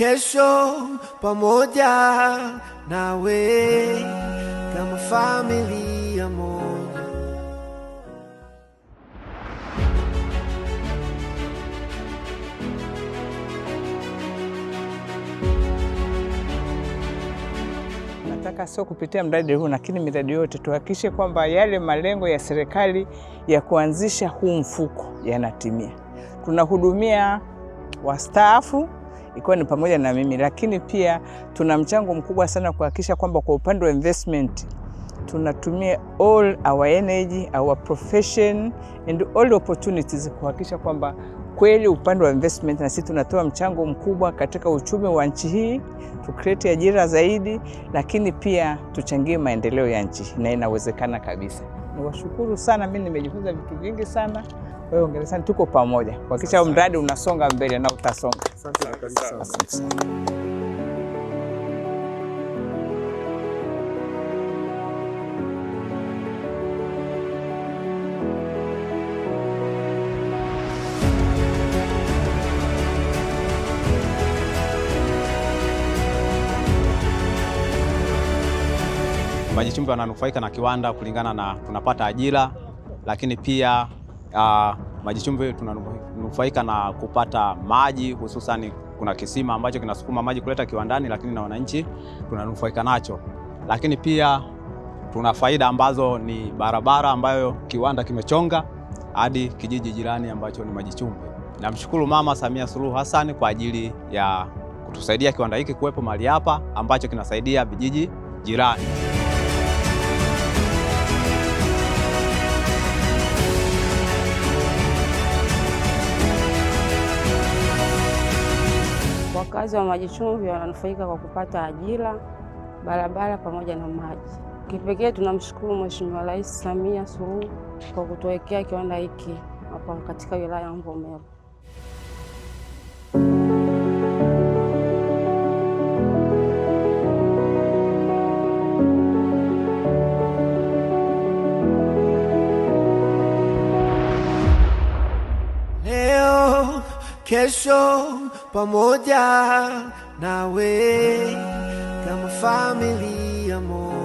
kesho pamoja nawe kama familia moja. Nataka sio kupitia mradi huu, lakini miradi yote tuhakikishe kwamba yale malengo ya serikali ya kuanzisha huu mfuko yanatimia. Tunahudumia wastaafu ikiwa ni pamoja na mimi, lakini pia tuna mchango mkubwa sana kuhakikisha kwamba kwa upande wa investment tunatumia all our energy, our profession and all opportunities kuhakikisha kwamba kweli upande wa investment na sisi tunatoa mchango mkubwa katika uchumi wa nchi hii, tu create ajira zaidi, lakini pia tuchangie maendeleo ya nchi, na inawezekana kabisa niwashukuru sana, mimi nimejifunza vitu vingi sana. hiyo ongera sana, tuko pamoja kuhakikisha mradi unasonga mbele na utasonga. Asante sana. maji wananufaika na kiwanda kulingana na tunapata ajira, lakini pia uh, ah, Majichumbi tunanufaika na kupata maji hususan, kuna kisima ambacho kinasukuma maji kuleta kiwandani, lakini na wananchi tunanufaika nacho, lakini pia tuna faida ambazo ni barabara ambayo kiwanda kimechonga hadi kijiji jirani ambacho ni Majichumbi. Namshukuru Mama Samia Suluhu Hassan kwa ajili ya kutusaidia kiwanda hiki kuwepo mahali hapa ambacho kinasaidia vijiji jirani. Wakazi wa Maji Chumvi wananufaika kwa kupata ajira, barabara pamoja na maji. Kipekee tunamshukuru Mheshimiwa Rais Samia Suluhu kwa kutuwekea kiwanda hiki hapa katika wilaya ya Mvomero. kesho pamoja nawe kama familia moja.